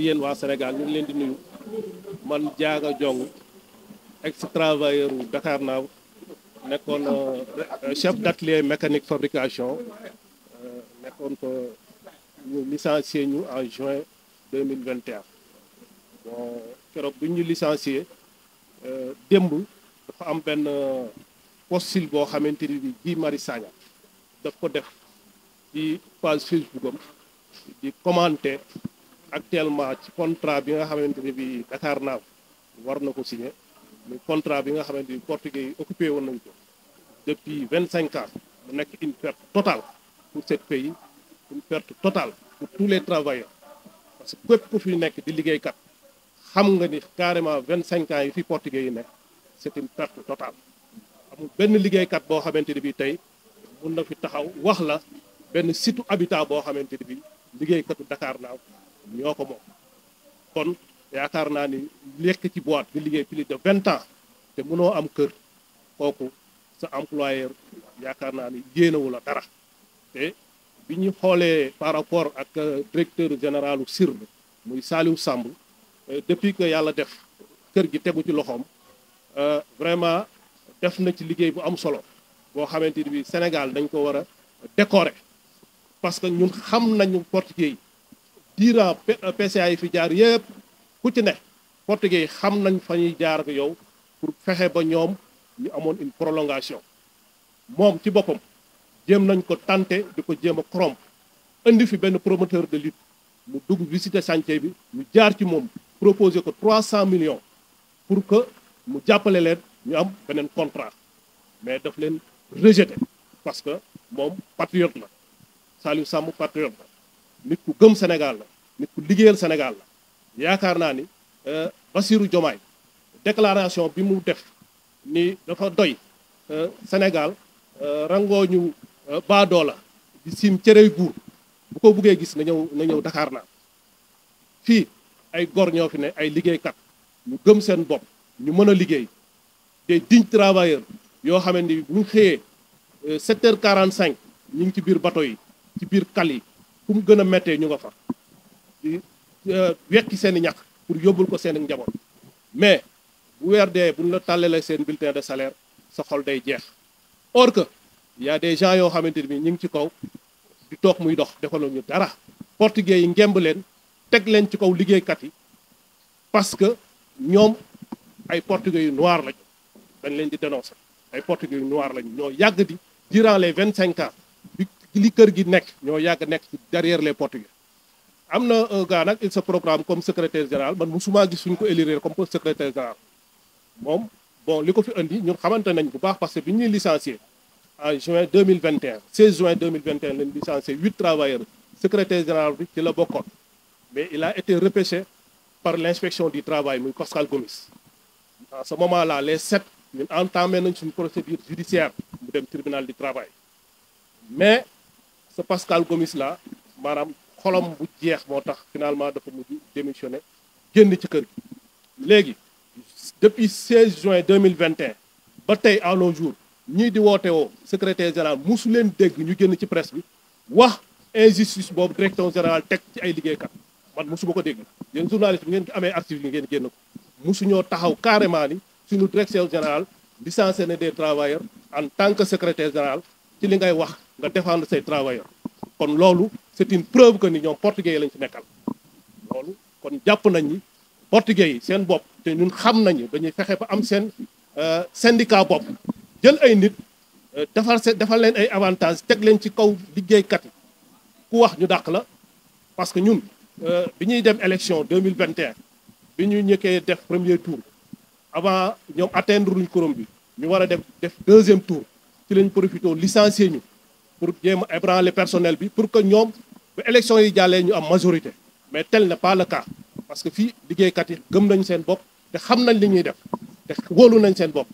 yéen waa Sénégal ñu ngi leen di nuyu man Diaga Diong ex travailleur wu Dakarnave nekkoon euh, chef d'atelier mécanique fabrication euh, nekkoon ko ñu licencié en juin 2021 bon keroog bi ñu licencié euh, démb dafa am benn postil boo xamante ni bi Guy daf ko def ci page Facebook di commenter actuellement ci contrat bi nga xamante ne bi Dakar naaw war na ko signé mais contrat bi nga xamante ni portugais yi occupé woon nañ ko depuis vingt cinq ans mu nekk une perte totale pour ce pays une perte totale pour tous les travailleurs parce que képp ku fi nekk di liggéeykat xam nga ni carrément vingt cinq ans yi fi portugais yi nekk c'est une perte totale amul benn liggéeykat boo xamante ni bi tey mun na fi taxaw wax la benn site habitat boo xamante ni bi liggéeykatu Dakar naaw ñoo ko moom kon yaakaar naa ni lekk ci boîte di liggéey plus de vingt ans te mënoo am kër kooku sa employeur yaakaar naa ni yéenewu la dara te bi ñu xoolee par rapport ak euh, directeur généralu SIRN muy Saliou Samb euh, depuis que yàlla def kër gi tegu ci loxoom euh, vraiment def na ci liggéey bu am solo boo xamante ni bi Sénégal dañ ko war a décorer parce que ñun xam nañu portugais yi diira PCA euh, yi fi jaar yëpp ku ci ne portugais yi xam nañ fa ñuy jaar ak yow pour fexe ba ñoom ñu amoon une prolongation moom ci boppam jéem nañ ko tenter di ko jéem a corrompre indi fi benn promoteur de lutte mu dugg visiter chantier bi ñu jaar ci moom proposer ko trois 300 millions pour que mu jàppale leen ñu am beneen contrat mais daf leen rejeté parce que moom patriote la Saliou sàmm patriote la nit ku gëm senegal la nit ku liggéeyal Sénégal la yaakaar naa ni euh, Bassirou Diomaye déclaration bi mu def ni dafa doy euh, Sénégal euh, rangooñu baadoola di siim cërey guur bu ko buggee gis na ñëw na ñëw Dakar naa fii ay gor ñoo fi ne ay liggéeykat ñu gëm seen bopp ñu mën a liggéey des dignes travailleurs yoo xamante ni bu ñu xëyee 7 heures 45 ñu ngi ci biir bato yi ci biir kal yi fu mu gën a méttee ñu nga fa di euh, wekki seen i ñax pour yóbbul ko seen njaboot mais bu weer dee bu ñu la tàllalee seen bulletin de salaire sa xol day jeex or que y a des gens yoo xamante ni ñu ngi ci kaw di toog muy dox defaloo ñu dara portugais yi ngemb leen teg leen ci kaw liggéeykat yi parce que ñoom ay portugais yu noir lañu dañ leen di dénoncer ay portugais yu noir lañu ñoo yàgg di durant les vingt cinq ans li kër gi nekk ñoo yàgg nekk ci derrière les portugais am na un euh, gars nag il se programme comme secrétaire général man musuma gis suñ ko élire comme secrétaire général moom bon li ko fi indi ñun xamante nañ bu baax parce que bi ñuy licencié en juin 2021 16 juin 2021 lañ licencié huit travailleurs secrétaire général bi ci la bokkoon mais il a été repêché par l' inspection du travail muy Pascal Gomis à ce moment là les sept ñun entamé nañ suñ procédure judiciaire mu dem tribunal du travail mais ce Pascal Gomis la maanaam xolom bu jeex moo tax finalement dafa mujj démissionné génn ci kër gi léegi depuis 16 juin 2021 ba tey à nos jours ñii di woote woo secrétaire général musu leen dégg ñu génn ci presse bi wax injustice boobu directeur général teg ci ay liggéeykat man ba ko dégg yéen journaliste bi ngeen amee archive yi ngeen génn ko musu ñoo taxaw carrément ni suñu directeur général licencié ne des travailleurs en tant que secrétaire général ci li ngay wax nga défendre say travailleurs kon loolu c'est une preuve que ni ñoom portugais yi lañ ci nekkal loolu kon jàpp nañ ni portugais yi seen bopp te ñun xam nañu dañuy fexe ba am seen euh, syndicat bopp jël ay nit euh, defar se defal leen ay avantages teg leen ci kaw liggéeykat yi ku wax ñu dàq la parce que ñun euh, bi ñuy dem élection 2021 bi ñu ñëkkee def premier tour avant ñoom atteindre luñ quorum bi ñu war a def def deuxième tour ci lañ profité licencier ñu pour jéem a ébranler personnel bi pour que ñoom bu élection yi jàllee ñu am majorité mais tel n'est pas le cas parce que fii liggéeykat yi gëm nañ seen bopp te xam nañ li ñuy def te wóolu nañ seen bopp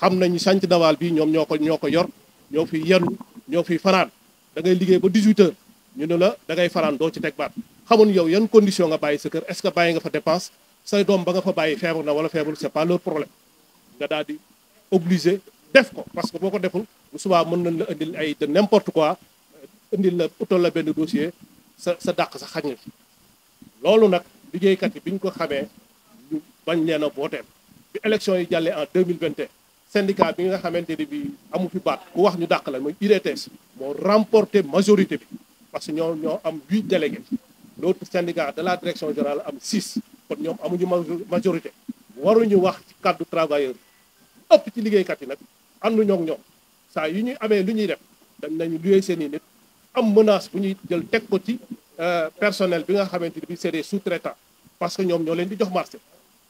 xam nañu sànc dawaal bi ñoom ñoo ko ñoo ko yor ñoo fi yenu ñoo fi fanaan da ngay liggéey ba 18 heures ñu ne la dangay ngay doo ci teg baat xamuñ yow yan condition nga bàyyi sa kër est-ce que bàyyi nga fa dépense say doom ba nga fa bàyyi feebar na wala feebarul c'est pas problème nga daal di obligé def ko parce que boo ko deful bu subaa mën nañ la indil ay de n'importe quoi indil la utal la benn dossier sa sa dàq sa xaj na loolu nag liggéeykat yi bi ñu ko xamee ñu bañ leen a booteel bi élection yi jàllee en 2021 syndicat bi nga xamante ni bi amu fi baat ku wax ñu dàq la mooy UDTS moo remporté majorité bi parce que ñoo ñoo am huit délégués loolu syndicat de la direction générale am six kon ñoom amuñu majorité waruñu wax ci cadre travailleur ëpp ci liggéeykat yi nag am ak ñoom saa yu ñuy amee lu ñuy def dañ nañu luyee seen i nit am menace bu ñuy jël teg ko ci euh, personnel bi nga xamante ni bi c'est des sous-traitants parce que ñoom ñoo leen di jox marché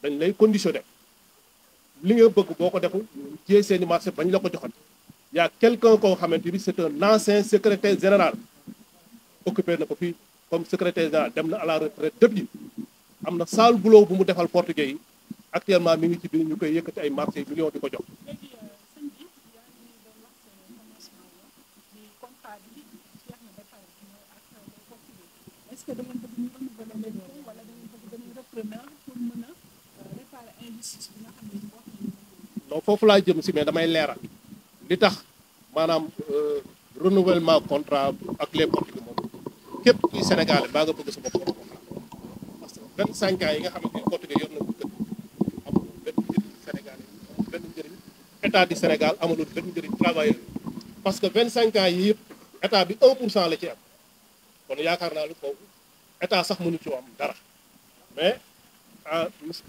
dañ lay conditionné li nga bëgg boo ko deful jiyee seen i marché bañ la ko joxat yaa quelqu'un koo xamante ni c'est un ancien secrétaire général occupé na ko fi comme secrétaire général dem na à la retraite depuis am na sale boulot bu mu defal portugais yi actuellement mi ngi ci biir ñu koy ay marché millions di ko jox que euh, foofu laa jëm si damay leeral li tax maanaam euh, renouvellement contrat ak les portugais moom képp kuy baa nga bëgg sa bopp parce que vingt cinq ans yi nga xamante ni portugais yor na ko état du Sénégal amulul benn njëriñ travailleur parce que vingt cinq ans yi yëpp état bi un pour la ci am kon yaakaar naa lu foofu état sax mu mënu ci am dara mais euh,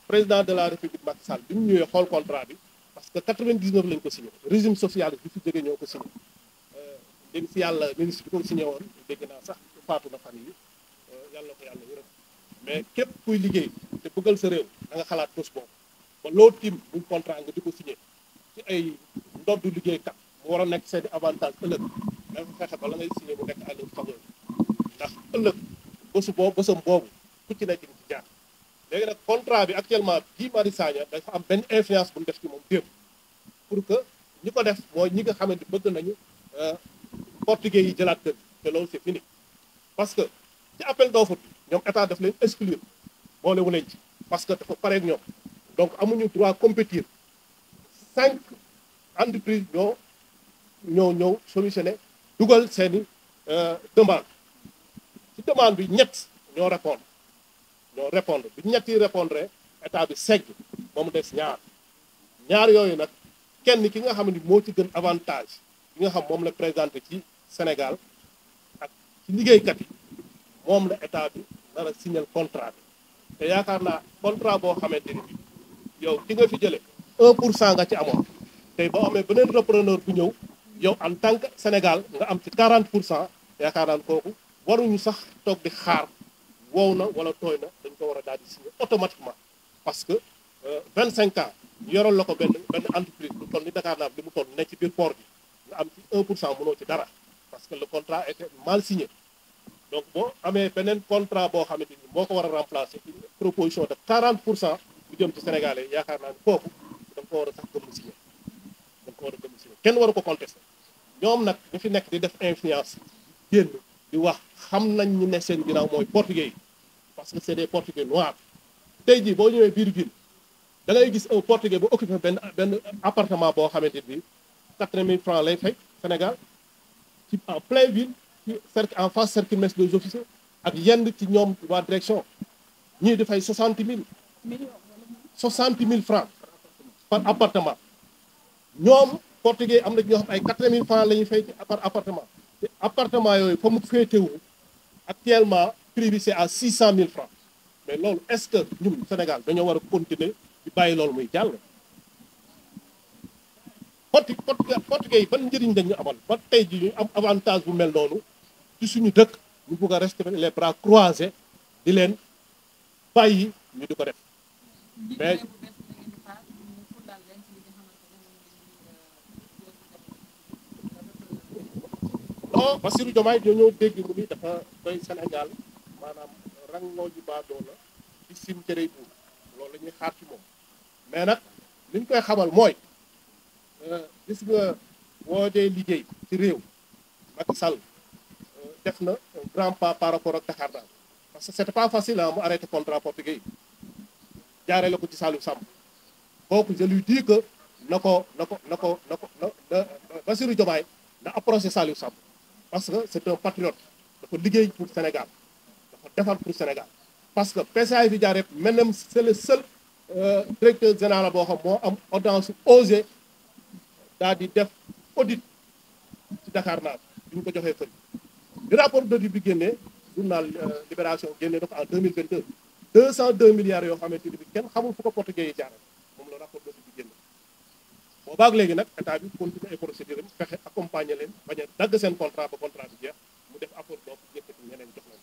président de la république Macky Sall bi mu ñëwee xool contrat bi parce que 99 lañ ko signé régime social bi fi jógee ñoo ko signé dégg euh, si yàlla ministre bi ko signé woon dégg naa sax faatu na fan yi euh, yàlla ko yàlla yërëm mais képp kuy liggéey te bëggal sa réew da nga xalaat bés boobu ba loo tim buñ contrat nga di ko signé ci ay ndoddu liggéeykat mu war a nekk seen avantage ëllëg da nga fexe nekk à leur faveur ndax ëllëg bésu boobu bésam boobu ci nekk di jaar léegi nag contrat bi actuellement Guy Marius Sagna dafa am benn influence bu mu def ci moom démb pour que ñi ko def mooy ñi nga xamante bëgg nañu euh, portugais yi jëlaat kër te loolu c'est fini parce que ci appel d'offre bi ñoom état def leen exclure boolewu leen ci parce que dafa pareeg ñoom donc amuñu droit compétir cinq entreprises ñoo ñoo ñëw solutionné dugal seeni euh, demande demande bi ñett ñoo répondre ñoo répondre bi ñett répondre état bi segg ba mu des ñaar ñaar yooyu nag kenn ki nga xam ni moo ci gën avantage bi nga xam moom la présenté ci Sénégal ak ci liggéeykat yi moom la état bi nar a signal contrat bi te yaakaar naa contrat boo xamante ni yow ki nga fi jële un pour cent nga ci amoon tey boo amee beneen repreneur bu ñëw yow en tant que Sénégal nga am ci 40 pour cent yaakaar naan kooku waruñu sax toog di xaar wow na wala tooy na dañ ko war a daal di signé automatiquement parce que 25 euh, ans ñu yoroon la ko benn benn entreprise lu toll ni Dakar naa li mu toll ne ci biir port bi nga am ci 1 pour cent mënoo ci dara parce que le contrat était mal signé donc boo amee beneen contrat boo xamante ni moo ko war a remplacer une proposition de 40 pour cent bu jëm ci Sénégalais yaakaar naa ni kooku da ko war a sax gëmm signé da nga ko war waru ko contesté ñoom nag ñu fi nekk di def influence génn di wax xam nañ ñu ne seen ginnaaw mooy portugais parce que c' est des portugais noirs tey jii boo ñëwee biir ville da ngay gis un portugais bu occupé benn benn appartement boo xamante bi quatre mille francs lay fekk Sénégal ci en plein ville cercle en face cercle mess des officiers ak yenn ci ñoom waa direction ñii dafay soixante mille soixante mille francs par appartement ñoom portugais am na ñoo xam ay quatre mille francs la ñuy fay par appartement te yooyu fa mu féetewu actuellement prix à six cent mille francs mais loolu est-ce que ñun Sénégal dañoo war a continuer di bàyyi loolu muy jàll portu portugais yi njëriñ njëriñ dañu amal ba tey ji ñu am avantage bu mel noonu ci suñu dëkk ñu bugg a rester les bras croisés di leen bàyyi ñu di ko def non oh, Bassirou Diomaye dañoo dégg mu ni dafa doy Sénégal maanaam rangoo ji baadoo ci sim cërey buur loolu ñuy xaar ci moom mais nag li koy xamal mooy euh, gis nga boo dee liggéey ci réew Macky euh, def na grand pas par rapport ak Dakar daal parce que c'était pas facile mu arrêté contrat portugais jaaree la ko ci Saliou Samb kooku je lui na ko na ko na ko na ko na na approché Saliou Samb parce que c'est un patriote dafa liggéey pour Sénégal dafa defar pour Sénégal parce que PCA fi jaar yëpp maintenant c'est le seul euh, directeur général boo xam moo am ordonnance osé daal di def audit ci Dakar naa bi ñu ko joxee fëri di rapport d'audit bi génnee journal euh, Libération génnee na ko en 2022 202 milliards yoo xamante ni bi kenn xamul fu ko portugais yi jaarale boobaag léegi nag état bi continuer ay procédure am fexe accompagner leen bañ a dagg seen contrat ba contrat bi jeex mu def apport boobu yëkkati ñeneen jox leen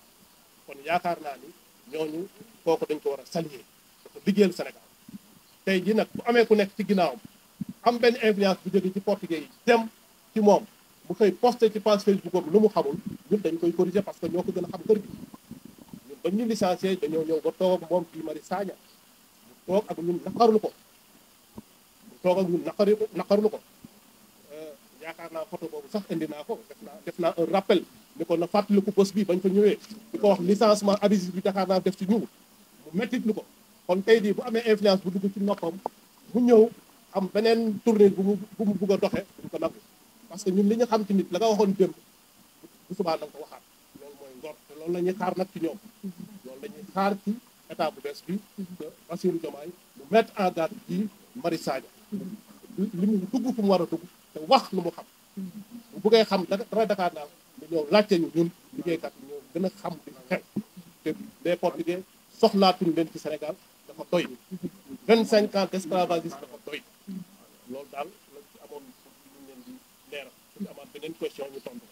kon yaakaar naa ni ñoo ñooñu kooku dañ ko war a saluer dafa liggéeyal Sénégal tey ji nag bu amee ku nekk ci ginnaawam am benn influence bu jege ci portugais yi dem ci moom bu xëy posté ci page Facebook am lu mu xamul ñun dañ koy corriger parce que ñoo ko gën a xam kër gi ñun ba ñu licencié dañoo ñëw ba toog ak moom fii Mari Sagna mu toog ak ñun naqarlu ko toog ak ñun naqari naqarlu ko euh, yaakaar naa photo boobu sax indi naa ko def naa def naa un rappel ni ko na fàttaliku bés bi bañ fa ñëwee di ko wax licenciement abusif bi Dakar naa def ci ñun mu lu ko kon tey jii bu amee influence bu dugg ci noppam bu ñëw am beneen tournée bu mu bu mu bugg a doxee ko nangu parce que ñu xam ci nit la nga waxoon démb bu subaa na ko waxaat loolu mooy ngor te loolu la ñuy xaar nag ci ñoom loolu la ñuy xaar ci état bu bees bi que Bassirou Diomaye mu mettre en garde ci Marie Sagna li mu dugg fu mu war a dugg te wax lu mu xam bu buggee xam dara Dakar daal ñu ñëw laajte ñu ñun liggéeykat yi ñoo gën a xam di xew te les portugais soxlaatuñ leen ci Sénégal dafa doy vingt cinq ans d'esclavagisme dafa doy loolu daal la ci amoon ñu leen di leeral suñu amaat beneen question ñu tontu